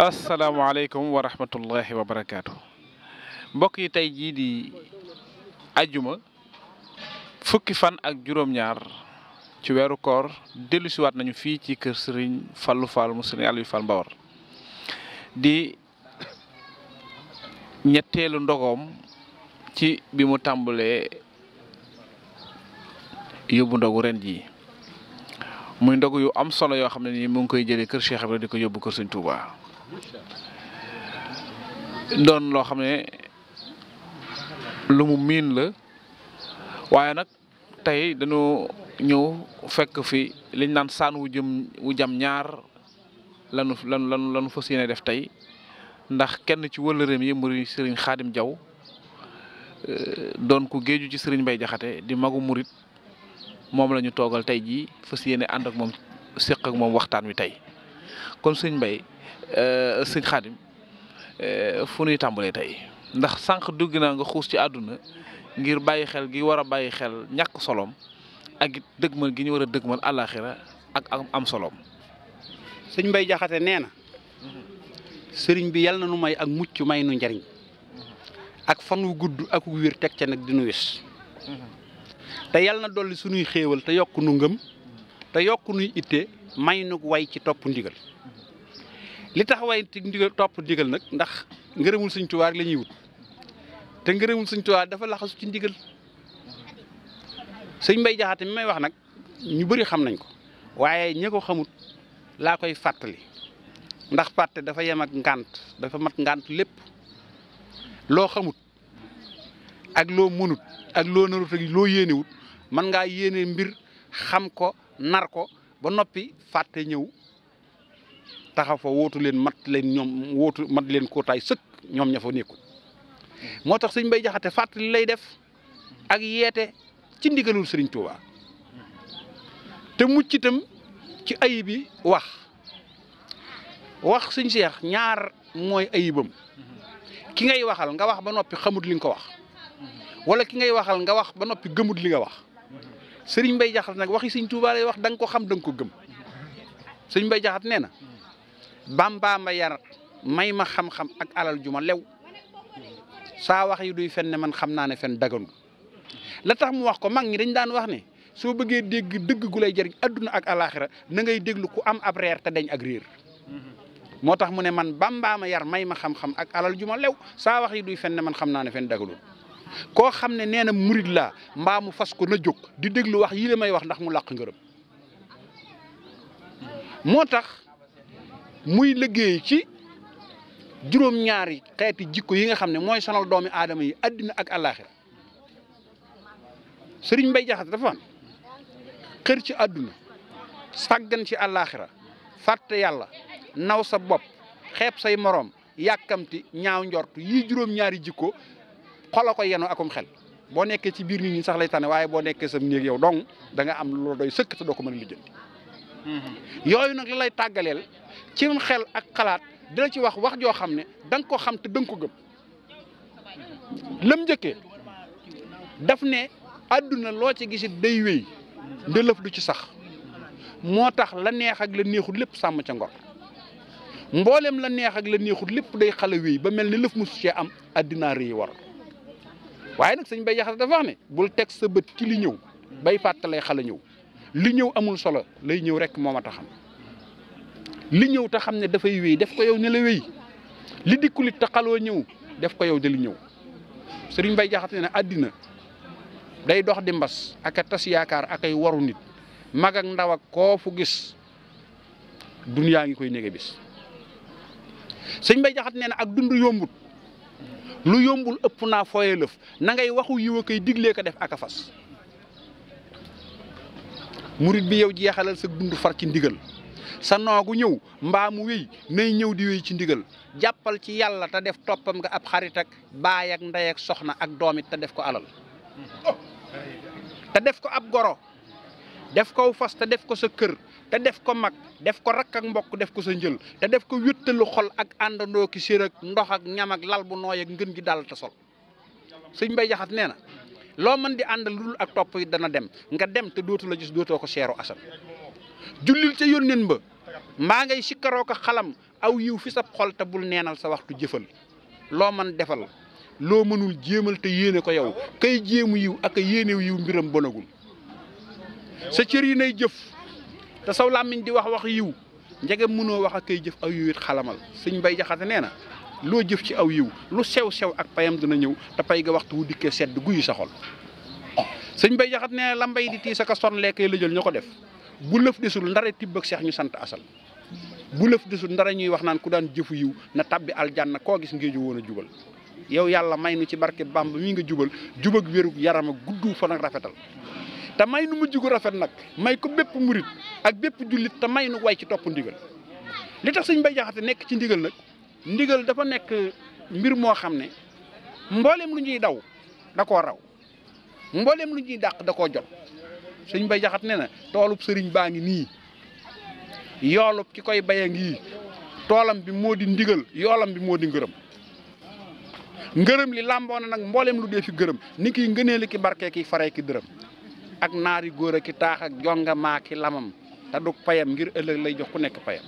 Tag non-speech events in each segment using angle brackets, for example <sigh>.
asalaamaaleykum wa rahmatullahi wa barakaatu mbokk yi tey jii di ajuma fukki fan ak juróom-ñaar ci weeru koor dellusiwaat nañu fii ci kër Serigne Fallou Fall mu Serigne Aliou Fall Mbawar di ñetteelu ndogoom ci bi mu tàmbalee yóbbu ndogu ren jii muy ndogu yu am solo yoo xam ne nii mu ngi koy jëlee kër Cheikh Ibrahima di ko yóbbu kër Serigne Touba. doon loo xam ne lu mu miin la waaye nag tey dañu ñëw fekk fi liñ naan saan wu jëm wu jam ñaar lanu lanu lanu fas yéene def tey ndax kenn ci wëllëreem yi muri sëriñ xaadim jaw euh, doon ku géeju ci sëriñ Mbay Jaxate di magu murit moom lañu ñu toogal tey jii fas yéene ànd moom séq ak moom waxtaan wi tey kon sëriñ Mbay Euh, sëñ Xaadim euh, fu nuy tàmbalee tey ndax sànq dugg naa nga xuus ci àdduna ngir bàyyi xel gi war a bàyyi xel ñàkk soloom ak it dëgmal gi ñu war a dëgmal àllaaxira ak am soloom. sëñ Mbay Jaxate nee na sëriñ bi yal na nu may ak mucc may nu njariñ ak fan wu gudd ak wu wér teg ca nag di nu wis te yal na dolli sunuy xéewal te yokk nu ngëm te yokk nuy itte may nu way ci topp ndigal. li tax way ndigal topp ndigal nag ndax ngërëmul Sëñ Tuubaa la ñuy wut te ngërëmul Sëñ Tuubaa dafa laxasu ci ndigal sëñ Mbay Jaxate mi may wax nag ñu bëri xam nañ ko waaye ñi ko xamut laa koy fàttali ndax fàtte dafa yem ak ngànt dafa mat ngànt lépp loo xamut ak loo mënut ak loo narut ak loo yéenewut mën ngaa yéene mbir xam ko nar ko ba noppi fàtte ñëw taxaw fa wootu leen mat leen ñoom wootu mat leen kootaay sëkk ñoom ña fa nekkul moo tax sëñ bay jaxate fàttali lay def ak yeete ci ndigalul sëriñ Touba te mucc itam ci ayib yi wax wax suñ seex ñaar mooy ayibam ki ngay waxal nga wax ba noppi xamut li nga ko wax wala ki ngay waxal nga wax ba noppi gëmut li nga wax sëriñ Mbay Jaxate nag waxi sëñ Tuubaa lay wax danga ko xam da ko gëm sëriñ Mbay Jaxate nee bambaa ma yar may ma xam-xam ak alal ju ma lew saa wax yi duy fen ne man xam naa ne fen daganu la tax mu wax ko mag ñi dañ daan wax ne soo bëggee dégg dëgg gu lay jëriñ adduna ak alaxira na ngay déglu ku am ab reer te dañ ak moo tax mu ne man bambaa ma yar may ma xam-xam ak alal ju ma lew saa wax yi duy fen ne man xam naa ne fen daganul koo xam ne nee na murid laa mbaa mu fas ko na jóg di déglu wax yii la may wax ndax mu làq ngërëm moo tax muy liggéey ci juróom-ñaari xeeti jikko yi nga xam ne mooy sonal doomi aadama yi àddina ak àllaaxira sëriñ Mbay Jaxate dafa am xër ci adduna sàggan ci àllaaxira fàtte yàlla naw sa bopp xeeb say moroom yàkkamti ñaaw njort yii juróom-ñaari jikko xola ko yeno akum xel boo nekkee ci biir nit ñi sax lay tane waaye boo nekkee sam néeg yow dong da nga am lu doy sëkk te doo ko mën yooyu nag la lay tàggaleel cim xel ak xalaat dina ci wax wax joo xam ne danga nga ko xam te da nga ko gëm lam njëkkee daf ne àdduna loo ci gisit day wéy ndëlëf du ci sax moo tax la neex ak la neexut lépp sàmm ca ngor mbooleem la neex ak la neexut lépp day xale wéy ba mel ni lëf mu cee am àddinaa rëy war waaye nag sëñ bay jaxate dafa wax ne bul teg sa bët ci li ñëw bay fàttalay xale ñëw li ñëw amul solo lay ñëw rek moom a taxam li ñëw te xam ne dafay wéy def ko yow ne la wéy li dikkulit te xaloo ñëw def ko yow de li ñëw sëriñ Mbay Jaxate ne àddina day dox di mbas ak a tas yaakaar ak ay waru nit mag ak ndaw ak koo fu gis dunyaa ngi koy nege bis sëñ Bay Jaxate nee na ak dund yombut lu yombul ëpp naa fooye lëf na ngay waxu yiw a koy diglee def ak a fas murit bi yow jeexalal sa dund far ci ndigal sa noogu ñëw mbaa mu wéy nay ñëw di wéy ci ndigal jàppal ci yàlla te def toppam nga ab xarit ak baay ak ndey ak soxna ak doomit te def ko alal te def ko ab goro def ko fas te def ko sa kër te def ko mag def ko rakk ak mbokk def ko sa njël te def ko wéttalu xol ak àndandoo ki sér ak ndox ak ñam ak lal bu nooy ak ngën gi dal te sol sëñ Mbay Jaxate nee na loo mën di àndal lu dul ak topp yi dana dem nga dem te dootul a gis dootoo ko seeru asan jullil ca yónneen ba maa ngay sikkaroo ko xalam aw yiw fi sa xol te bul neenal sa waxtu jëfal loo mën defal loo mënul jéemal te yéene ko yow kay jéemu yiw ak a yéenew yiw mbiram bonagul sa cër yi nay jëf te saw làmmiñ di wax wax yiw njege mënoo wax ak kay jëf aw yiw xalamal suñ bay jaxate nee na loo jëf ci aw yiw lu sew-sew ak payam dina ñëw te pay ga waxtu wu dikkee sedd guyu sa xol oh, sëñ bay jaxat ne la mbay di tiis ak son lekk la jël ñoo ko def bu lëf desul ndara tibb ak seex ñu sant asal bu lëf ndara ñuy wax naan ku daan jëfu yiw na tabbi aljanna koo gis ngéeju woon a jubal yow yàlla may nu ci barke bamb mi nga jubal jubag wérug yaram ak gudd fa nag rafetal te may nu mujj gu rafet nag may ko bépp murit ak bépp jullit te may nu way ci topp ndigal li tax sëñ bay jaxate nekk ci ndigal nag ndigal dafa nekk mbir moo xam ne mboolem lu ñuy daw da koo raw mboolem lu ñuy dàq da koo jot sëñ bay jaxat ne na toolub sëriñ baa ngi nii yoolub ki koy bay ngi toolam bi moo di ndigal yoolam bi moo di ngërëm ngërëm li làmboo nag mboolem lu dee fi gërëm ni kiy ngëneeli ki barke ki faree ki dërëm ak naari góor a ki taax ak jongamaa maa ki lamam te du payam ngir ëllëg lay jox ku nekk payam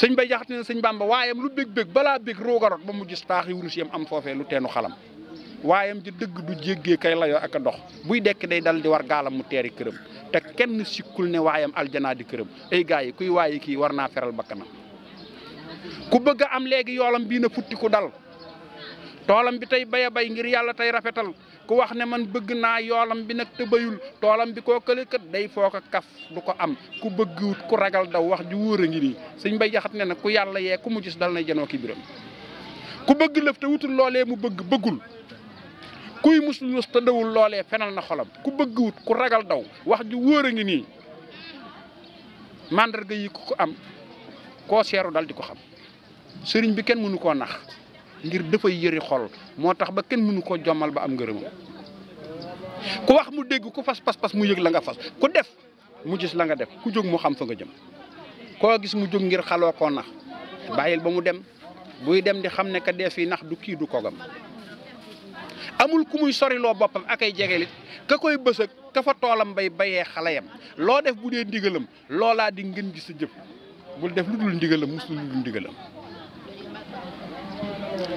sëñ bay jaxate ne sëñ bamba waayam lu bég bég balaa bég roogarot ba mu gis taaxi wurus yam am foofee lu teenu xalam waayam ji dëgg du jéggee kay layoo ak a dox buy dekk day dal di war gaalam mu teeri këram te kenn sikkul ne waayam aljanaa di këram ay gars kuy waayi kii war naa feral bakkanam ku bëgg a am léegi yoolam bii na futti ku dal toolam bi tey bay bay ngir yàlla tey rafetal ku wax ne man bëgg naa yoolam bi nag te bayul toolam bi koo këlekat day foo a kaf du ko am ku bëgg wut ku ragal daw wax ju wóor a ngi nii sëñ bay jaxat ne nag ku yàlla yee ku mujj gis dal na janoo kii biram ku bëgg lëf te wutul loolee mu bëgg bëggul kuy mus lus te dawul loolee fenal na xolam ku bëgg wut ku ragal daw wax ju wóor a ngi nii màndarga yi ku ko am koo seeru dal di ko xam sëriñ bi kenn mënu koo nax ngir dafay yëri xol moo tax ba kenn mënu koo jommal ba am ngërëmam ku wax mu dégg ku fas pas-pas mu yëg la nga fas ku def mu gis la nga def ku jóg mu xam fa nga jëm koo gis mu jóg ngir xaloo koo nax bàyyil ba mu dem buy dem di xam ne ka dee fii nax du kii du kogam amul ku muy soriloo boppam ak ay jegelit ka koy bësëg ka fa toolam bay bayee xaleyam loo def bu dee ndigalam loolaa di ngeen gis sa jëf bul def lu dul ndigalam musul lu dul ndigalam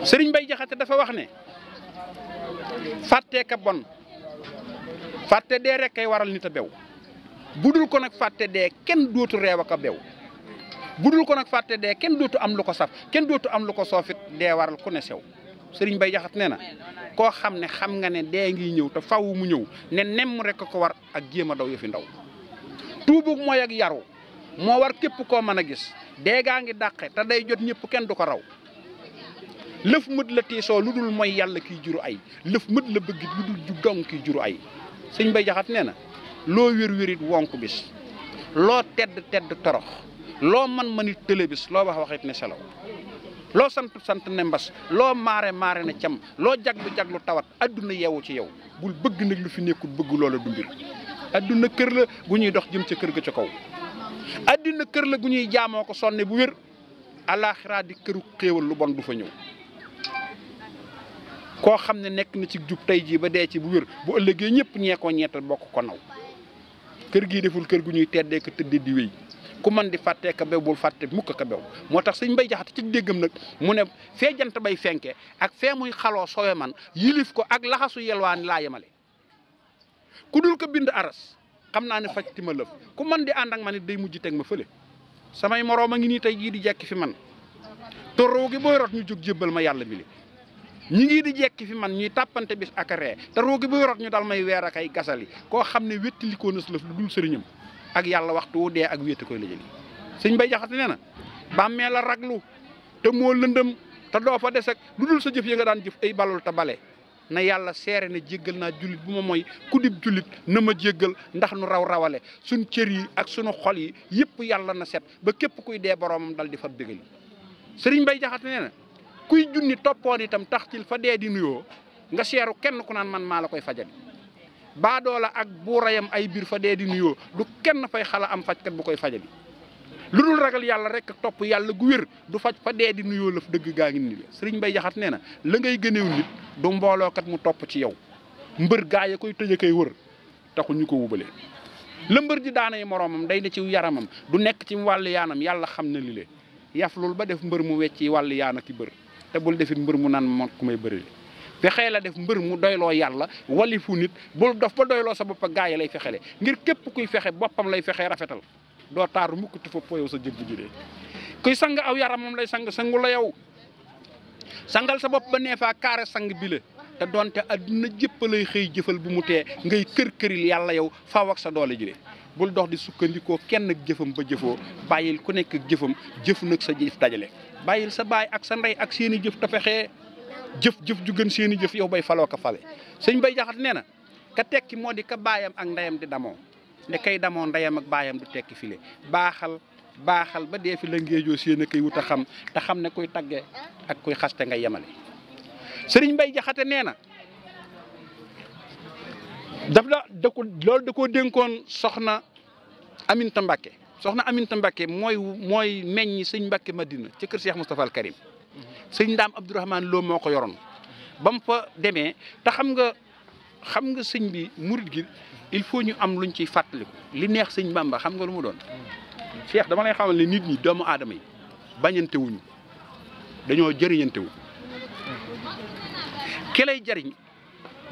sëriñ bay Jaxate dafa wax ne fàtte ka bon fàtte dee rek ay waral nit a bew bu dul ko nag fàtte dee kenn dootu reew ak a bew bu dul ko nag fàtte dee kenn dootu am lu ko saf kenn dootu am lu ko soofit dee waral ku ne sew sëriñ Bay jaxat nee na koo xam ne xam nga ne dee ngi ñëw te faw mu ñëw ne nemm rek ko war ak jéem a daw yëfi ndaw tuubug moo ak yaru moo war képp koo mën a gis dee gaa ngi dàqe te day jot ñëpp kenn du ko raw lëf mët la tiisoo lu dul mooy yàlla kiy juru ay lëf mët la bëgg lu dul ju kiy juru ay sëñ bay jaxat nee na loo wér-wérit wonk bis loo tedd tedd torox loo man manit tële bis loo wax waxit ne selaw loo sant sant ne mbas loo maare maare na cam loo jag lu tawat àdduna yeewu ci yow bul bëgg nag lu fi nekkul bëgg loola du mbir adduna kër la gu ñuy dox jëm ca kër ga ca kaw adduna kër la gu ñuy jaamoo ko sonne bu wér alaaxiraa di këru xéewal lu bon du fa ñëw koo xam ne nekk na ci jub tey jii ba dee ci bu wér bu ëllëgee ñëpp ñee koo ñeetal bokk ko naw kër gii deful kër gu ñuy teddee ko tëddee di wéy ku man di fàttee ka bew bul fàtte mukk ka bew moo tax sëñ bay jaxate ci déggam nag mu ne fee jant bay fenke ak fee muy xaloo sowe man yilif ko ak laxasu yelwaani laa yemale ku dul ko bind aras xam naa ne faj ti ma lëf ku mën di ànd ak man it day mujj teg ma fële samay moroom a ngi nii tey jii di jekki fi man toroo gi booy jóg jébbal ma yàlla mi ñi ngi di jekki fi man ñuy tàppante bis ak ree te roogi bu yorot ñu dal may weer ak ay gasali koo xam ne wéttalikoo na su lëf lu dul sëriñam ak yàlla waxtu wu dee ak wéete koy la sëñ bay jaxate nee na bàmmee la raglu te moo lëndëm te doo fa des lu dul sa jëf yi nga daan jëf ay balul te bale na yàlla seere ne jéggal naa jullit bu ma mooy ku dib jullit na ma jéggal ndax raw rawale suñ cër yi ak suñu xol yi yëpp yàlla na set ba képp kuy dee boroomam dal di fa bégal sëriñ bay jaxate nee na kuy junni toppoon itam tax ci fa dee di nuyoo nga seeru kenn ku naan man maa la koy fajali baadoola ak buurayam ay biir fa dee di nuyoo du kenn fay xala am fajkat bu koy fajali lu dul ragal yàlla rek topp yàlla gu wér du faj fa dee di nuyoo laf dëgg gaa ngi ni la sëriñ Bay Jaxate nee na la ngay gëneew nit du mboolookat mu topp ci yow mbër gaa ya koy tëj a koy wër taxul ñu ko wubalee la mbër di daanay moroomam day ne ci yaramam du nekk ci wàllu yaanam yàlla xam na li lee yaflul ba def mbër mu wecc wàllu yaan ak i te bul defi mbër mu naan man ku may bëri fexee la def mbër mu doyloo yàlla walifu nit bul dof ba doyloo sa bopp gaa yi lay fexele ngir képp kuy fexe boppam lay fexee rafetal doo taaru mukk tufa poyow sa jëmm ji de kuy sang aw yaram moom lay sang sangu la yow sangal sa bopp ba neefaa kaare sang bi la te donte adduna jëpp lay xëy jëfal bu mu tee ngay kër-këril yàlla yow faaw sa doole ji bul dox di sukkandikoo kenn ak jëfam ba jëfoo bàyyil ku nekk jëfam jëf nag sa jëf dajale bàyyil sa baay ak sa ndey ak seen jëf te fexee jëf-jëf ju gën seen jëf yow bay faloo ka fale sëñ bay jaxat nee na ka tekki moo di ka baayam ak ndeyam di damoo ne kay damoo ndeyam ak baayam du tekki file baaxal baaxal ba dee fi la ngeejoo seen a koy xam te xam ne koy tagge ak kuy xaste nga yemale sëriñ bay jaxate nee na daf la da ko loolu da koo dénkoon soxna Aminta soxna Aminta Mbacke mooy mooy meññi sëñ Mbacke Madina ci kër Cheikh Moustapha al Karim sëñ Ndaam Abdourahmane loo moo ko yoroon ba mu fa demee te xam nga xam nga sëñ bi murit gi il faut ñu am luñ ciy fàttaliku li neex sëñ mbamba xam nga lu mu doon. Cheikh dama lay xamal ne nit ñi doomu aadama yi bañante dañoo jëriñante wu ki lay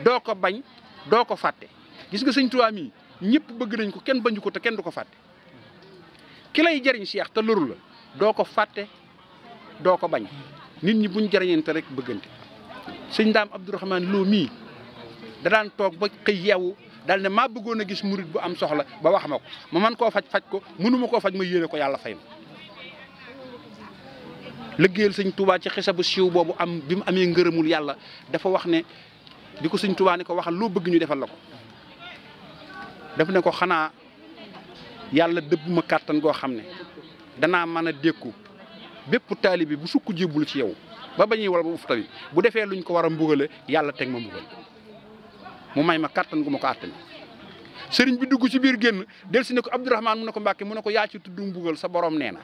doo ko bañ doo ko fàtte gis nga sëñ tuwaam yi ñëpp bëgg nañ ko kenn bañu ko te kenn du ko fàtte. ki lay jëriñ Cheikh te loru la doo ko fàtte doo ko bañ nit ñi buñ jëriñante rek bëggante sëñ daam Abdourahmane Lo mii da daan toog ba xëy yeewu dal ne maa bëggoon a gis murit bu am soxla ba wax ma ko ma man koo faj faj ko mënuma koo faj ma yéene ko yàlla fay ma liggéeyal sëñ Touba ci xisa bu siiw boobu am bi mu amee ngërëmul yàlla dafa wax ne di ko sëñ Touba ne ko waxal loo bëgg ñu defal la ko daf ne ko xanaa yàlla dëbb ma kàttan goo xam ne danaa mën a dékku bépp taalibi bu sukk jébbalu ci yow ba ba ñuy wal ba uf bu defee lu luñ ko war a mbugale yàlla teg ma mbugal mu may ma kàttan gu ma ko àttani sëriñ bi dugg ci biir génn dell si ne ko Abdourahmane mu ne ko Mbàkke mu ne ko yaa ci tuddu mbugal sa borom nee na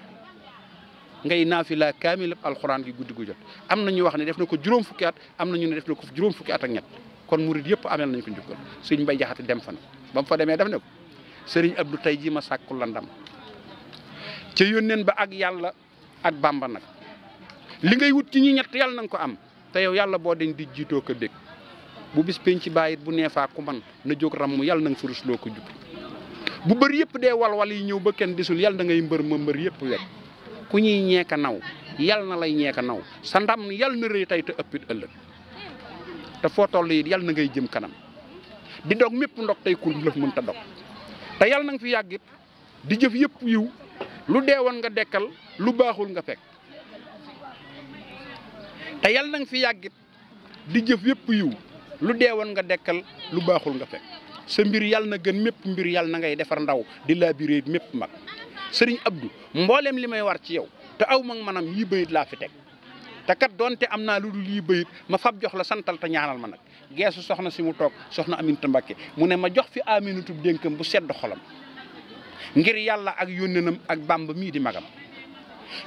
ngay naafila kaamil alxuraan gi guddi gu jot am na ñu wax ne def na ko juróom fukki at am na ñu ne def na ko juróom fukki at ak ñett kon murid yëpp amel nañ ko njukkal sëriñ Mbay Jaxate dem fa na ba mu fa demee sëriñ Abdou tey jii ma sàkkul la ndam ca yónneen ba ak yàlla ak bàmba nag li ngay wut ci ñi ñett yàlla na nga ko am te yow yàlla boo deñ di jiitoo ko dégg bu bis penc ci bàyyit bu neefaa ku man na jóg ramm yàlla na nga fa rusloo ko jub bu bëri yëpp dee walwal yi ñëw ba kenn disul yàlla na ngay mbër ma mbër yëpp wet ku ñuy ñeeka naw yàlla na lay ñeeka naw sa ndam yàlla na rëy tey te ëppit ëllëg te foo toll it yàlla na ngay jëm kanam di dog mépp ndog tey ku lëf mën ta te yàlla na fi yàggit di jëf yëpp yiw lu deewoon nga dekkal lu baaxul nga fekk te yàlla na fi yàggit di jëf yëpp yiw lu deewoon nga dekkal lu baaxul nga fekk sa mbir yàlla na gën mépp mbir yàlla na ngay defar ndaw di labiré mépp mag sëriñ Abdou mboolem li may war ci yow te aw mag manam yii bayit laa fi teg te kat doonte am naa lu dul yii bayit ma fab jox la santal te ñaanal ma nag geesu soxna si mu toog soxna Aminata Mbacké mu ne ma jox fi Aminatu dénkam bu sedd xolam ngir yàlla ak yónnenam ak bàmb mii di magam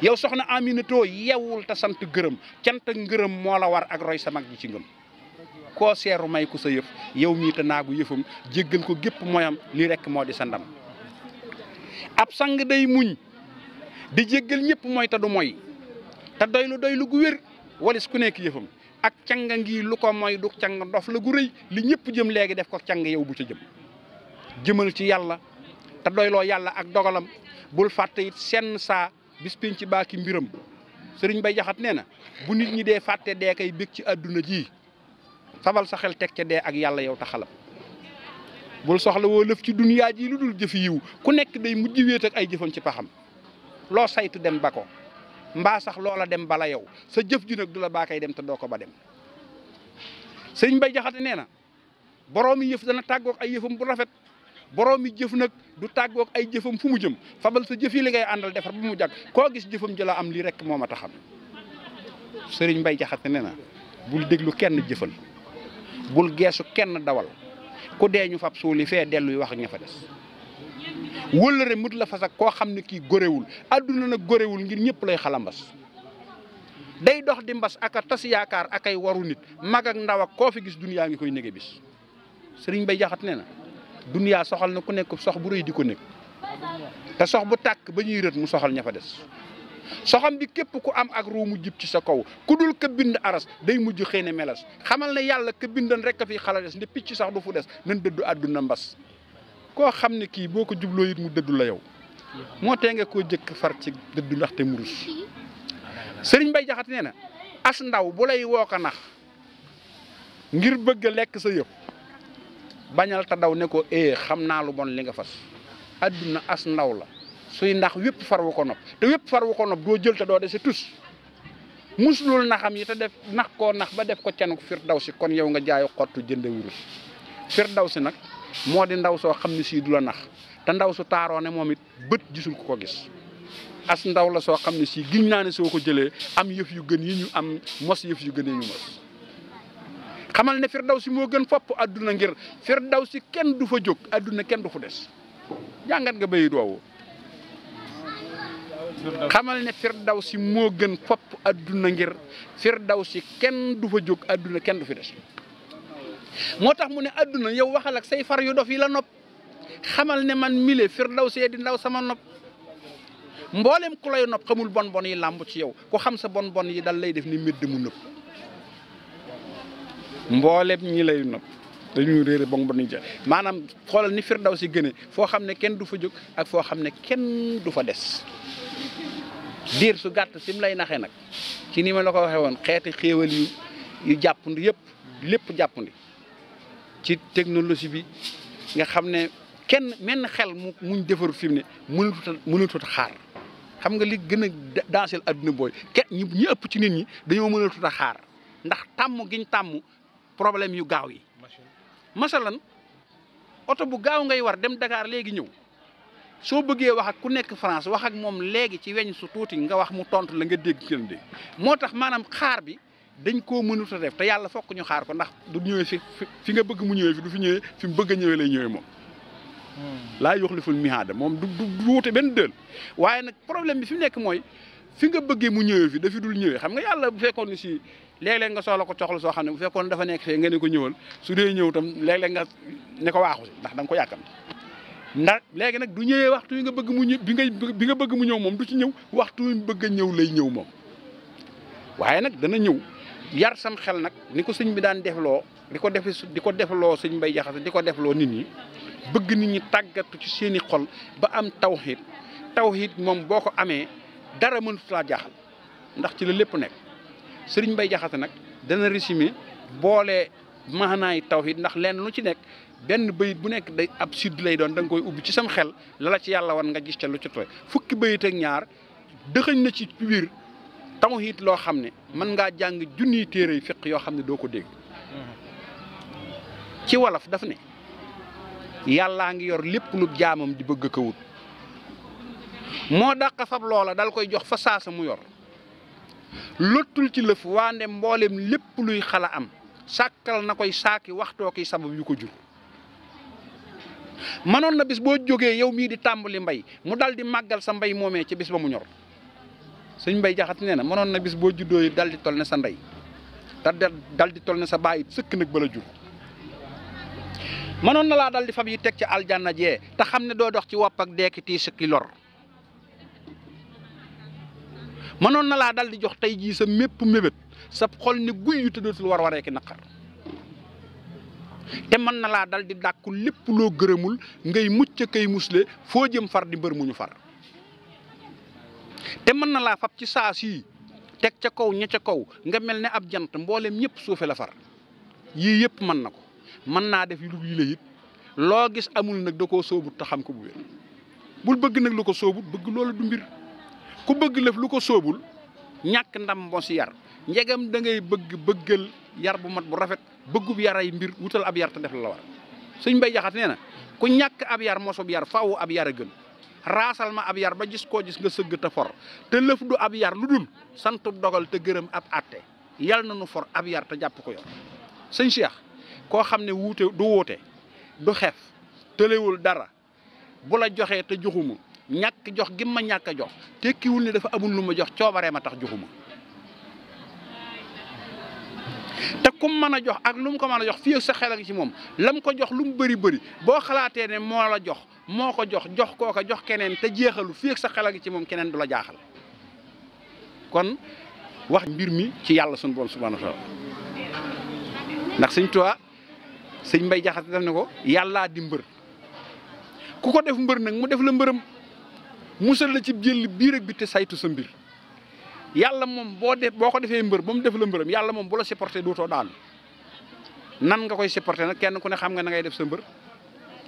yow soxna Aminatoo yeewul te sant gërëm cant ngërëm moo la war ak roy sa mag ji ci ngëm koo seeru may ku sa yëf yow mii te naagu yëfam jéggal ko gépp moyam li rekk moo di sa ndam ab sang day muñ di jéggal ñëpp mooy te du moy te doylu doylu gu wér walis ku nekk yëfam ak canga ngi lu ko moy du cang ndof la gu rëy li ñëpp jëm léegi def ko cang yow bu ca jëm jëmal ci yàlla te doyloo yàlla ak dogalam bul fàtte it senn saa bis ci baaki mbiram sëriñ bay jaxat nee na bu nit ñi dee fàtte dee kay bég ci àdduna ji sabal saxel teg ca dee ak yàlla yow taxalam bul soxla woo lëf ci duniyaa ji lu dul jëf yiw ku nekk day mujj wéet ak ay jëfam ci paxam loo saytu dem ba ko mbaa sax loola dem bala yow sa jëf ji nag du la baakay dem te doo ko ba dem sëñ bay jaxat nee na boroom yi yëf dana tàggoog ay yëfam bu rafet boroom yi jëf nag du tàggoog ay jëfam fu mu jëm fabal sa jëf yi li ngay àndal defar ba mu jàkk koo gis jëfam ji la am lii rek moo ma taxam sëriñ mbay jaxate nee na bul déglu kenn jëfal bul geesu kenn dawal ku dee ñu fab suuli fee delluy wax ak ña fa des wëllëre mut la fas koo xam ne kii góréwul àdduna nag góréwul ngir ñëpp lay xalambas day dox di mbas ak a tas yaakaar ak ay waru nit mag ak ndaw ak koo fi gis duniyaa ngi koy nege bi sëriñ bay jaxat ne na duniyaa soxal na ku nekk sox bu rëy di ko nekk te sox bu tàkk ba ñuy rët mu soxal ña fa des soxam bi képp ku am ak ruu mu jib ci sa kaw ku dul ka bind aras day mujj xëy na melas xamal na yàlla ka bindan rek a fi xala des nde picc sax du fu des nan dëddu àdduna mbas koo xam ne kii boo ko jubloo it mu dëddu la yow moo tee nga koo jëkk far ci dëddu ndaxte mu rus sëriñ bay Jaxate nee na as ndaw bu lay woo ko nax ngir bëgg a lekk sa yëpp bañal ta daw ne ko eh xam naa lu bon li nga fas adduna as ndaw la suy ndax wépp far wu ko nopp te wépp far wu ko nopp doo jël te doo dese tus musulul naxam yi te def nax koo nax ba def ko fir firdaw si kon yow nga jaayu xottu jënde wurus firdaw si nag moo di ndaw soo xam ne sii du la nax te ndaw su taaroo ne moom it bët gisul ku ko gis as ndaw la soo xam ne sii giñ naa ne soo ko jëlee am yëf yu gën yi ñu am mos yëf yu gën yi ñu mos xamal ne si moo gën fopp àdduna ngir Firdawsi kenn du fa jóg àdduna kenn du fa des jàngat nga béyi doowu xamal ne Firdawsi moo gën fopp àdduna ngir Firdawsi kenn du fa jóg àdduna kenn du fi des moo tax mu ne adduna yow waxal ak say far yu dof yi la nopp xamal ne man mile firdaw see di ndaw sama nopp mboolem ku lay nopp xamul bon bon yi làmb ci yow ku xam sa bon bon yi dal lay def ni mbedd mu nëpp mboolem ñi lay nopp dañuy réere bon bon yi ja maanaam xoolal ni firdaw si gën foo xam ne kenn du fa jóg ak foo xam ne kenn du fa des diir su gàtt sim lay naxee nag ci ni ma la ko waxee woon xeeti xéewal yu yu jàppandi yëpp lépp jàppandi ci technologie bi nga xam ne kenn menn xel mu mu defaru fi mu ne mënatut mënatut xaar xam nga li gën a dansel adduna booy kenn ñi ëpp ci nit ñi dañoo mënatut a xaar ndax tàmm giñ tàmm problème yu gaaw yi masalan oto bu gaaw ngay war dem Dakar léegi ñëw soo bëggee wax ak ku nekk France wax ak moom léegi ci weñ su tuuti nga wax mu tontu la nga dégg kenn dégg moo tax maanaam xaar bi dañ koo mënut a def te yàlla fokk ñu xaar ko ndax du ñëwee fi fi nga bëgg mu ñëwee fi du fi ñëwee fi mu bëgg a ñëwee lay ñëwee moom. Hmm. laa yuxliful mihaada moom du du wuute benn waaye nag problème bi fi nekk mooy fi nga bëggee mu ñëwee fi dul ñëwee xam nga yàlla bu fekkoon ne si léeg soxla ko coxla soo xam ne bu fekkoon dafa nekk fee nga ne ko ñëwal su dee ñëw tam léeg ne ko waaxu si ndax da ko yàkkam ndax léegi nag du ñëwee waxtu yi nga bëgg mu ñëw bi nga bi nga bëgg mu ñëw moom du ci ñëw waxtu yi mu bëgg ñëw lay ñëw moom waaye nag dana ñëw yar sam xel nag ni ko sëñ bi daan defloo di ko defe di ko defloo sëñ Mbay Jaxate di ko defloo nit ñi bëgg nit ñi tàggatu ci seeni xol ba am tawxiid tawxiid moom boo ko amee dara mënut laa jaaxal ndax ci la lépp nekk sëriñ Mbay jaxase nag dana résumé boole maanaay tawxiid ndax lenn lu ci nekk benn bayit bu nekk day ab sud lay doon da koy ubbi ci sam xel lala ci yàlla wan nga gis ca lu ci tooy fukki bayit ak ñaar dëxëñ na ci biir tawhid loo xam ne mën ngaa jàng junni téere yi yoo xam ne doo ko dégg ci wolof daf ne yàllaa ngi yor lépp lu jaamam di bëgg ko wut moo dàq fab loola dal koy jox fa saasa mu yor lottul ci lëf waande mboolem lépp luy xala am sàkkal na koy saaki waxtoo ki sabab yu ko jur mënoon na bis boo jógee yow mii di tàmbali mbay mu dal di màggal sa mbay moomee ci bis ba mu ñor sëñ Mbay Jaxate nee na mënoon na bis boo juddoo yi dal di toll ne sa ndey te dal di toll ne sa baay sëkk nag bala jur mënoon na laa dal di fab yi teg ci aljana jee te xam ne doo dox ci wàpp ak deeki tii sëkki lor mënoon na laa dal di jox tey jii sa mépp mébét sa xol ne guy yu te dootul war waree ki naqar te mën na laa dal di dàkku lépp loo gërëmul ngay mucc kay musle foo jëm far di mbër mu ñu far te mën na laa fab ci saa sii teg ca kaw ña ca kaw nga mel ni ab jant mboolem ñëpp suufe la far yii yëpp mën na ko mën naa def lu yi la loo gis amul nag da ko sóobut te xam ko bu wér bul bëgg nag lu ko sóobut bëgg loolu du mbir ku bëgg lëf lu ko soobul ñàkk ndam moo si yar njegam da bëgg bëggal yar bu mat bu rafet bëggub yaray mbir wutal ab yar te def la la war suñ bay jaxat nee na ku ñàkk ab yar mosob yar faaw ab yar a gën raasal ma ab yar ba gis koo gis nga sëgg te for te lëf du ab yar lu dul santub dogal te gërëm ab àtte yal na nu for ab yar te jàpp ko yor sëñ Cheikh koo xam ne wuute du wuute du xef tëlewul dara bu la joxee te joxuma ñàkk jox gi ñàkk a jox tekkiwul ne dafa amul lu ma jox coobaree ma tax joxuma te ku mën a jox ak lu ko mën a jox fii sa xel a ngi ci moom lam ko jox lu mu bëri bëri boo xalaatee ne moo la jox moo ko jox jox kooka jox keneen te jeexalu fii sa xel gi ci moom keneen du la jaaxal kon wax mbir mi ci yàlla sunu bool subhaanahu wa ndax sëñ Tuubaa sëñ Mbay Jaxate def ne ko yàlla di mbër ku ko def mbër nag mu def la mbërëm musal la ci jël biir ak bi te saytu sa mbir yàlla moom boo def boo ko defee mbër ba mu def la mbërëm yàlla moom bu la supporté dootoo daanu nan nga koy supporté nag kenn ku ne xam nga na ngay def sa mbër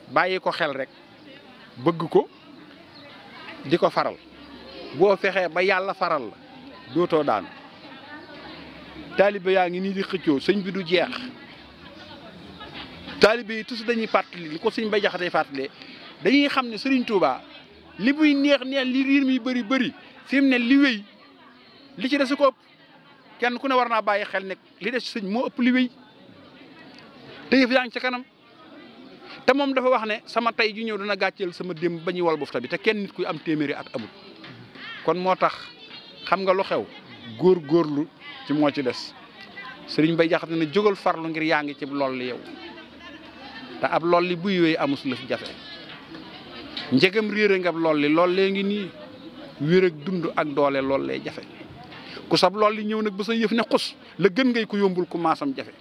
bàyyi ko xel rek. bëgg ko di ko faral boo fexee ba yàlla faral la dootoo daan taalibe yaa ngi nii di xëccoo sëñ bi du jeex taalibe yi tous dañuy fàttali li ko sëñ ba jaxatee fàttalee dañuy xam ne sëriñ Touba li muy neex neex li riir mi bëri bëri fi mu ne li wéy li ci des ko ëpp kenn ku ne war naa bàyyi xel ne li des sëñ moo ëpp li wéy te yëf yaa ngi ca kanam te moom dafa wax ne sama tey ju ñëw dana gàcceel sama démb ba ñuy wal bufta bi te kenn nit kuy am téeméeri ak amul kon moo tax xam nga lu xew góor góorlu ci moo ci des sëriñ bay jaxate ne jógal farlu ngir yaa ngi ci lool li yow te ab lool li buy wéy amus la fi jafe njegam réere nga ab lool li lool lee ngi nii wér ak dund ak doole lool lay jafe ku sab lool li ñëw nag ba sa yëf ne xus la gën ngay ko yombul ku maasam jafe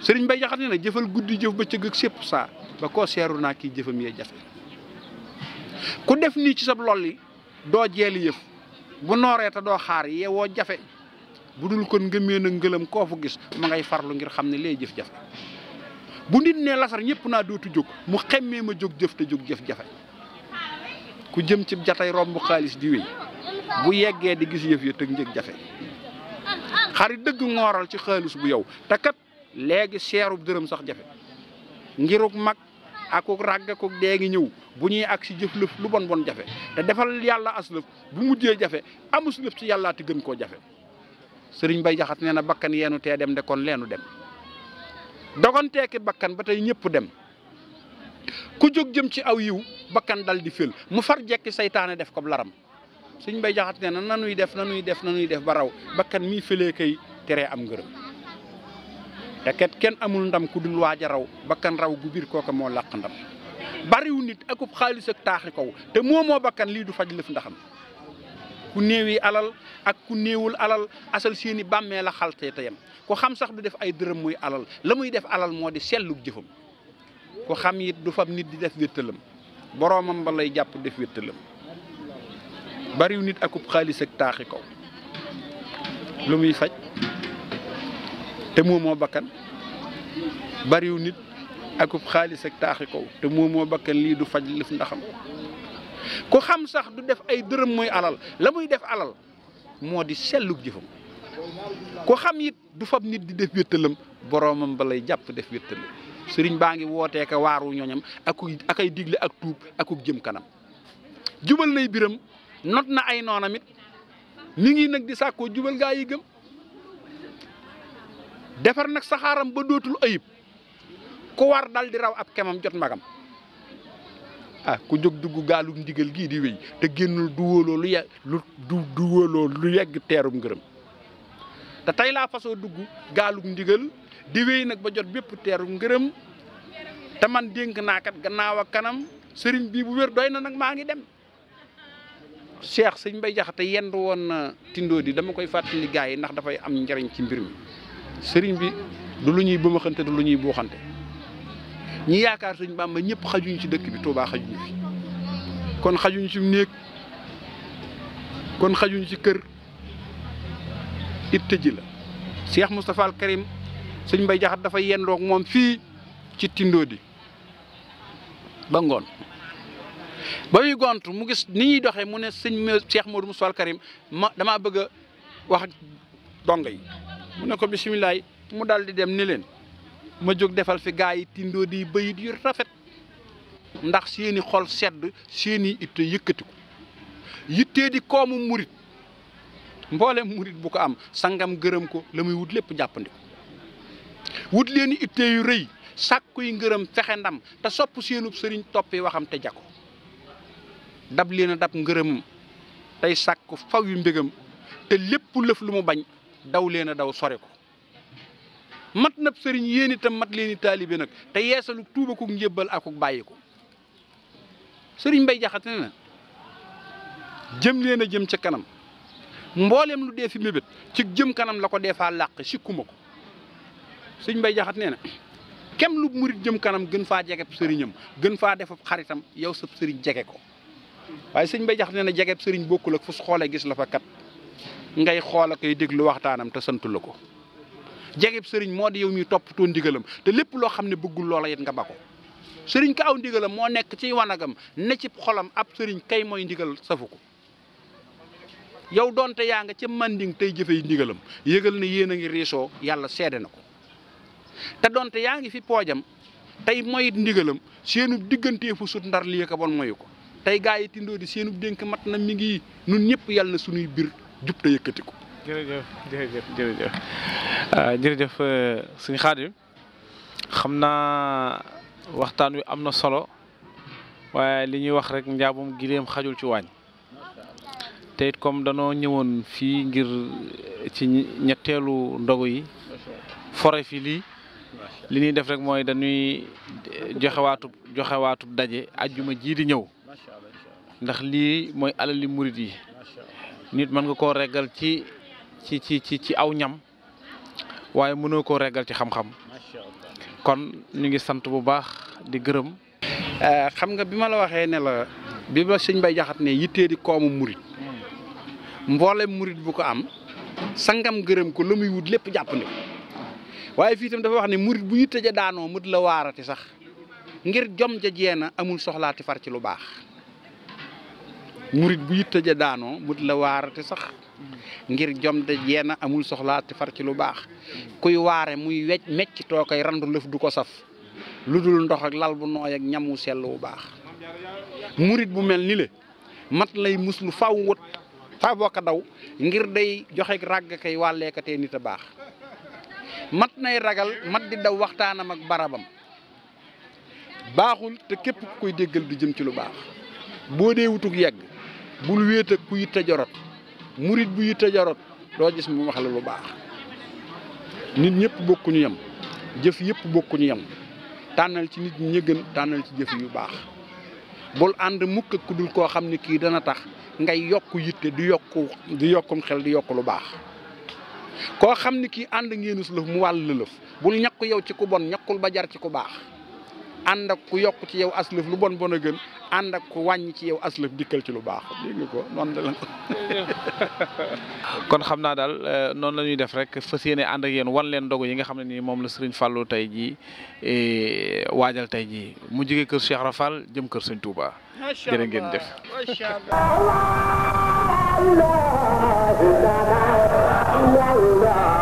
sëriñ Mbay Jaxate ne jëfal guddi jëf bëccëg ak sépp saa ba koo seeru naa kii jëfam yee jafe ku def nii ci sab lool yi doo jeeli yëf bu nooree te doo xaar yeewoo jafe bu dul kon ngëmee na ngëlam koo fu gis ma ngay farlu ngir xam ne lee jëf jafe bu nit nee lasar ñëpp naa dootu jóg mu xemmee ma jóg jëf te jóg jëf jafe ku jëm ci jatay romb xaalis di wéy bu yeggee di gis yëf ya tëg njëg jafe xarit dëgg ngooral ci xaalis bu yow te kat léegi seerub dërëm sax jafe ngiruk mag akuk ràgg akuk dee ngi ñëw bu ñuy ak si jëf lu bon bon jafe te defal yàlla as lëf bu mujjee jafe amus lëf si yàllaa te gën koo jafe sëriñ bay jaxat nee na bakkan yeenu tee dem de kon leenu dem dogonteeki bakkan ba tey ñëpp dem ku jóg jëm ci aw yiw bakkan dal di fël mu far jekki seytaane def ko laram sëriñ bay jaxat nee na nanuy def nanuy def nanuy def ba raw bakkan mii fëlee kay teree am ngërëm te kenn amul ndam ku dul waaj a raw bakkan raw gu biir kooka moo làq ndam bariwu nit akub xaalis taaxi kow te moomoo bakkan lii du faj lëf ndaxam ku néewi alal ak ku néewul alal asal seeni bàmmee la xalte teyam ku xam sax du def ay dërëm muy alal la muy def alal moo di sellug jëfam ku xam it du fab nit di def wéttalam boroomam ba lay jàpp def wéttalam bariwu nit akub xaalis taaxi kaw lu muy faj te moo moo bakkan bariw nit akub xaalis ak taaxi kaw te moo moo bakkan lii du faj lif ndaxam ku xam sax du def ay dërëm mooy alal la muy def alal moo di sellug jëfam ku xam it du fab nit di def wéttalam boroomam ba lay jàpp def wéttalam sëriñ baa ngi wootee ka waaru ñoñam aku ak ay digle ak tuub akuk jëm kanam jubal nay biram not na ay noonam it mi ngi nag di sàkkoo jubal gaa yi gëm defar nag saxaaram ba dootul ayib ku war dal di raw ab kemam jot magam ah ku jog dugg gaalum ndigal gii di wéy te génnul du wóoloo lu yegg teerum ngërëm te tey laa fasoo dugg gaalum ndigal di wéy nag ba jot bépp teerum ngërëm te man dénk naa kat gannaaw ak kanam sëriñ bi bu wér doy na nag maa ngi dem Cheikh sëñ Mbay Jaxate yend woon na tindoo di dama koy fàttali gars yi ndax dafay am njariñ ci mbir mi sëriñ bi du lu ñuy bëmaxante du lu ñuy buuxante ñi yaakaar sëñ Bàmba ñëpp xajuñu ci dëkk bi Tuubaa xajuñu fi kon xajuñu ci néeg kon xajuñu ci kër itte ji la Cheikh Moustapha Karim sëñ Mbay Jaxat dafa yendoog moom fii ci tindoo di ba ngoon ba muy gont mu gis ni ñuy doxee mu ne sëñ Cheikh Modou Moustapha al Karim ma damaa bëgg a wax ak yi mu ne ko bisimilah mu dal di dem ni leen ma jóg defal fi gaa yi tindoo di bayit yu rafet ndax seeni xol sedd seeni itte yëkkatiku yittee di koomu murit mboolem murit bu ko am sangam gërëm ko la muy wut lépp jàppandi wut leen it yu rëy sàkku yi ngërëm fexe ndam te sopp seenub sëriñ toppi waxam te jako dab leen a dab ngërëm tey sàkku faw yu mbégam te lépp lëf lu mu bañ daw leen a daw sore ko mat nab sëriñ yéen mat leen i taalibe nag te yeesalu tuuba ko njébbal akuk bàyyi ko sëriñ Mbay jaxat ne na jëm leen a jëm ca kanam mboolem lu dee fi mébét ci jëm kanam la ko dee fa làq sikkuma ko sëriñ Mbay Jaxate nee na kem lu murit jëm kanam gën faa jegeb sëriñam gën faa defab xaritam yow sab sëriñ jege ko waaye sëriñ Mbay Jaxate nee na jegeb sëriñ bokkul ak fu xoolee gis la fa kat ngay xool ak ay déglu waxtaanam te santu la ko jegeb sëriñ moo di yow mi toppatoo ndigalam te lépp loo xam ne bëggul loola it nga ba ko sëriñ ka aw ndigalam moo nekk ci wanagam ne ci xolam ab sëriñ kay mooy ndigal safu ko yow doonte yaa nga ca manding tey jëfey ndigalam yëgal na yéen a ngi riisoo yàlla seede na ko te donte yaa ngi fi poojam tey moyit ndigalam seenu diggantee fu sut ndar lii ka bon moyu ko tey gaa yi tindoo di seenub dénk mat na mi ngi nun ñëpp yàlla na sunuy bir jub te yëkkatiku. jërëjëf jërëjëf jërëjëf euh, jërëjëf euh, xam naa waxtaan wi am na solo waaye li ñuy wax rek njaabum gileem xajul ci waañ te it comme danoo ñëwoon fii ngir euh, ci ñetteelu ndogu yi fore fi lii li ñuy def rek mooy dañuy joxewaatub joxewaatub daje ajjuma jii di ñëw ndax lii mooy alali murit yi nit mën nga koo reggal ci ci ci ci ci aw ñam waaye mënoo koo reggal ci xam-xam kon ñu ngi sant bu baax di gërëm eh, xam nga bi ma la waxee ne la bi ma sëñ bay jaxat ne yittee di koomu murit mboolem murit bu ko am sangam gërëm ko la muy wut lépp jàpp waaye fii tam dafa wax ne murit bu yitte ja daanoo mët la waarati sax ngir jom ja jeena amul soxlaati far ci lu baax murit bu yitte ja daanoo mut la waarate sax ngir jom de jeena amul soxlaa te far ci lu baax kuy waare muy wecc mecc too koy randu lëf du ko saf lu dul ndox ak lal bu nooy ak ñamu sell bu baax murit bu mel ni la mat lay muslu faw wut faw bokka daw ngir day joxe ràgg kay wàlleekatee nit a baax mat nay ragal mat di daw waxtaanam ak barabam baaxul te képp koy déggal du jëm ci lu baax boo dee wutug yegg bul wéet ak ku yitte jorot murit bu yitte jorot doo gis mu wax la lu baax nit ñëpp bokkuñu yem jëf yëpp bokkuñu yem tànnal ci nit ñi gën tànnal ci jëf yu baax bul ànd mukk ak ku dul koo xam ne kii dana tax ngay yokk yitte di yokku di yokkum xel di yokk lu baax koo xam ni kii ànd ngeenus lëf mu wàll lëf bul ñakku yow ci ku bon ñakkul ba jar ci ku baax ànd ak ku yokk ci yow aslëf lu bon bon a gën ànd ak ku wàññi ci yow aslëf dikkal ci lu baax dégg nga ko noonu la <laughs> kon xam naa daal euh, noonu la ñuy def rek fas yéene ànd ak yéen leen ndogu yi nga xam ne nii moom la Serigne Fallou tey jii eh, waajal tey jii mu jóge kër Cheikh Rafal jëm kër Serigne Touba jërë ngeen def. <laughs>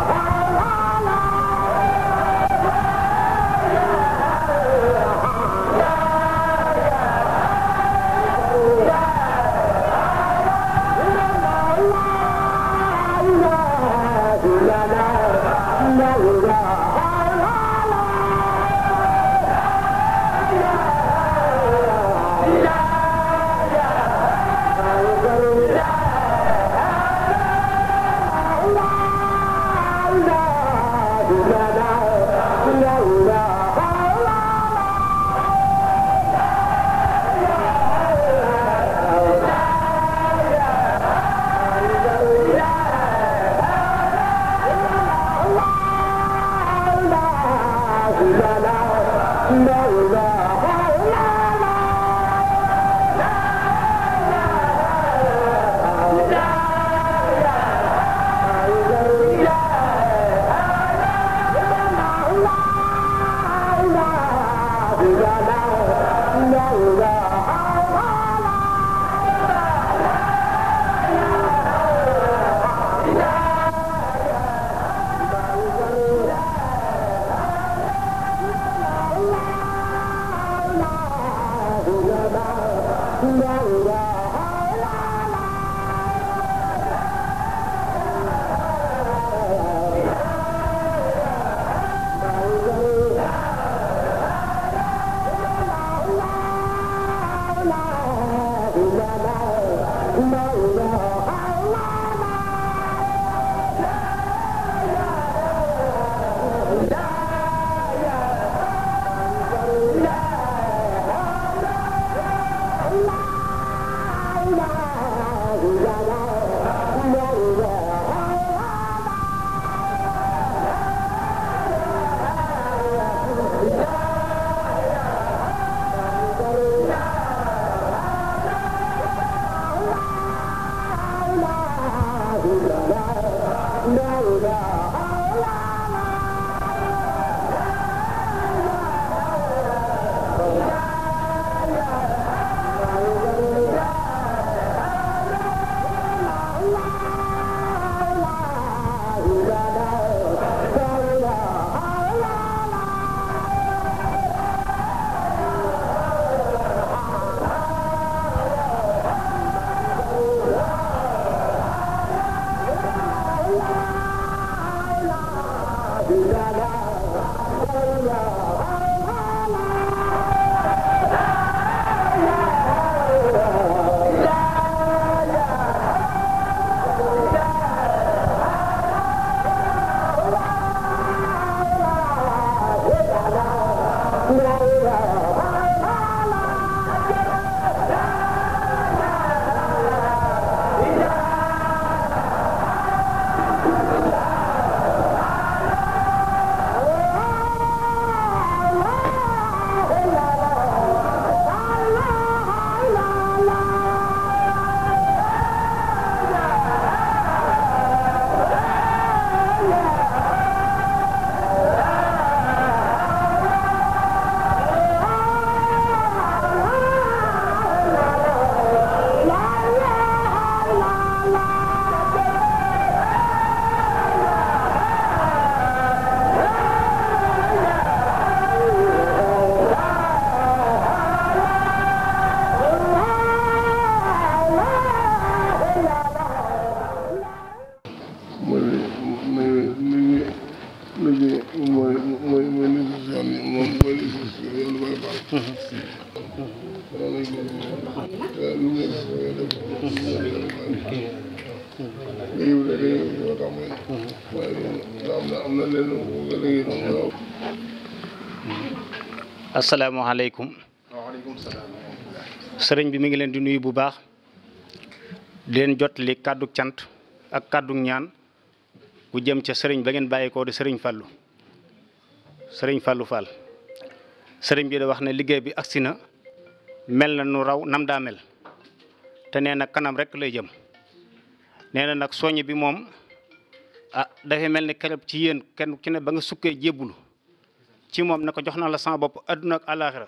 Thank you. asalaamaaleykum. waaleykum sëriñ bi mu ngi leen di nuyu bu baax di jot li kàddu cant ak kàddu ñaan bu jëm ca sëriñ ba ngeen bàyyi koo di sëriñ Fallou sëriñ Fallou Fall sëriñ bi da wax ne liggéey bi agsi na mel na nu raw nam daa mel te nee na kanam rekk lay jëm nee na nag soññ bi moom a ah, dafay mel ni keroog ci yéen kenn ku ne ba nga sukkee jébbulu ci moom na ko jox na la sama bopp adduna ak àllaaxira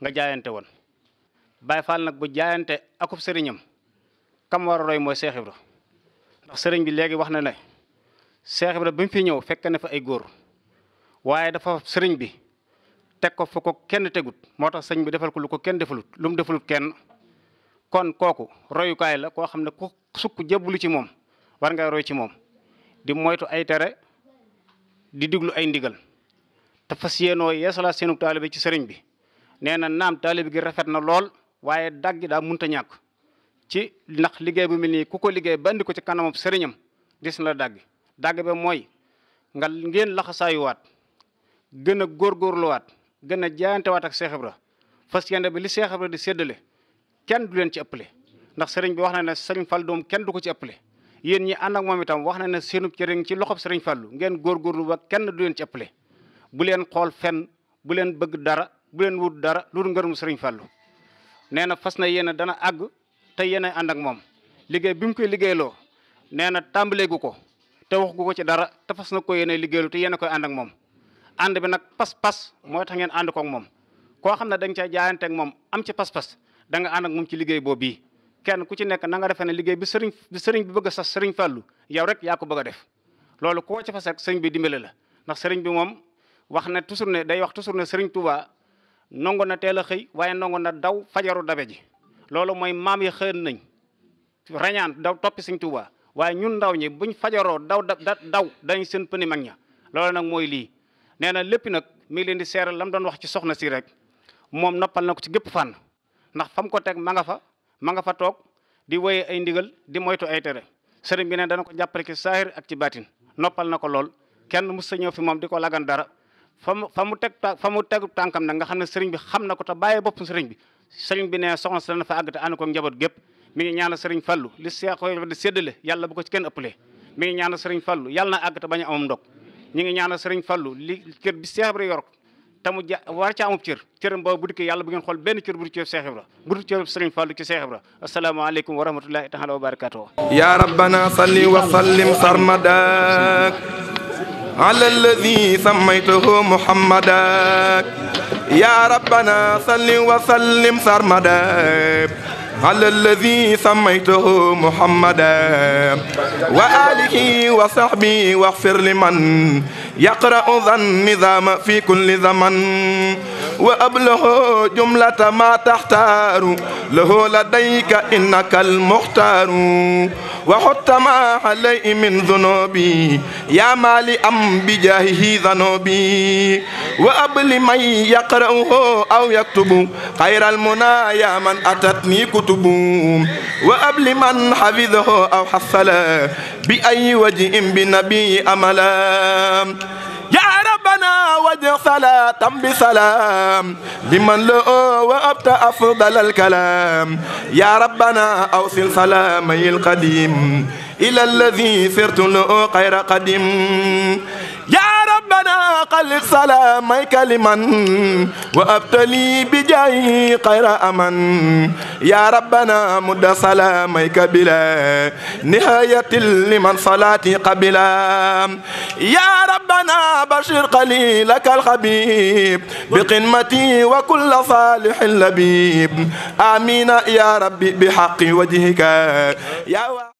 nga jaayante woon Baay Faal nag bu jaayante akub sëriñam kam war a roy mooy Seex Ibra ndax sëriñ bi léegi wax na ne Seex Ibra bi mu fi ñëw fekk ne fa ay góor waaye dafa sëriñ bi teg ko fu ko kenn tegut moo tax sëriñ bi defal ko lu ko kenn defalut lu mu defalut kenn kon kooku royukaay la koo xam ne ku sukk jébbalu ci moom war ngay roy ci moom di moytu ay tere di diglu ay ndigal te fas yéenoo yeesalaat seenu taalibe ci sëriñ bi nee na naam taalibe gi rafet na lool waaye dagg daa munta ñàkk ci ndax liggéey bu mel nii ku ko liggéey bandi ko ci kanamam sëriñam dis na la dagg dagg ba mooy nga ngeen laxasaayuwaat gën a góorluwaat gën a jaayantewaat ak Seex Ibra fas yéene bi li Seex Ibra di seddale kenn du leen ci ëppale ndax sëriñ bi wax na ne sëriñ Fall doom kenn du ko ci ëppale yéen ñi ànd ak moom itam wax na ne seenub cëriñ ci loxob sëriñ Fallu ngeen góorgóorlu ba kenn du leen ci bu leen xool fenn bu leen bëgg dara bu leen wut dara lu dul ngërëm sëriñ fallu nee na fas na yéene dana àgg te yéene ànd moom liggéey bi mu koy liggéeyloo nee na tàmbaleegu ko te wax gu ko ci dara te fas na ko yéene liggéeylu te yéene koy ànd ak moom ànd bi nag pas-pas mooy tax ngeen ànd koog moom koo xam ne da nga ca jaayante moom am ci pas-pas da nga ànd ak moom ci liggéey boobu bii kenn ku ci nekk na nga defee ne liggéey bi sëriñ bi sëriñ bi bëgg a sax sëriñ Fallou yow yaa ko bëgg a def loolu koo ci fas rek sëriñ bi dimbale la ndax bi moom wax na toujours ne day wax toujours ne Serigne Touba nongo na teel a xëy waaye nongo na daw fajaru dabe ji loolu mooy maam yi xëy nañ rañaan daw toppi Serigne Touba waaye ñun ndaw ñi buñ fajaroo daw da daw dañ seen pëni mag ña loolu nag mooy lii nee na lépp nag mi ngi leen di seeral lam doon wax ci soxna si rek moom noppal na ko ci gépp fànn ndax fam ko teg ma nga fa ma nga fa toog di woye ay ndigal di moytu ay tere sëriñ bi ne dana ko jàppale ci saahir ak ci baatin noppal na ko lool kenn mu sañoo fi moom di ko lagan dara fa mu fa mu teg fa mu tegu xam ne sëriñ bi xam na ko te bàyyi boppam sëriñ bi sëriñ bi ne soxna si fa àgg te ànd ko njaboot gépp mi ngi ñaanal fallu li seexoo di séddale yàlla a amam ndog war ca amub boobu bu dikkee yàlla bu ngeen xool benn cër bu du fallu ci Seex Ibra asalaamaaleykum wa rahmatullahi taala wa barakatuh ya rabbana salli wa sallim sarmadak على الذي سميته محمدا يا ربنا صل وسلم سرمدا على الذي سميته محمدا وآله وصحبه واغفر لمن يقرأ ذا النظام في كل زمن وأبله جملة ما تحتار له لديك إنك المختار وحط ما عليه من ذنوبي يا مالي أم بجاهه ذنوبي وأبل من يقرأه أو يكتب خير المنى يا من أتتني كتب وأبل من حفظه أو حصله بأي وجه بنبي أملا يا ربنا وجه صلاة بسلام لمن له وأبت أفضل الكلام يا ربنا أوصل سلامي القديم إلى الذي صرت له غير قديم يا ربنا قلب سلامك لمن وابتلي بجاي خير امن يا ربنا مد سلامك بلا نهاية لمن صلاتي قبلا يا ربنا بشر قليلك الخبيب بقمتي وكل صالح لبيب امين يا ربي بحق وجهك يا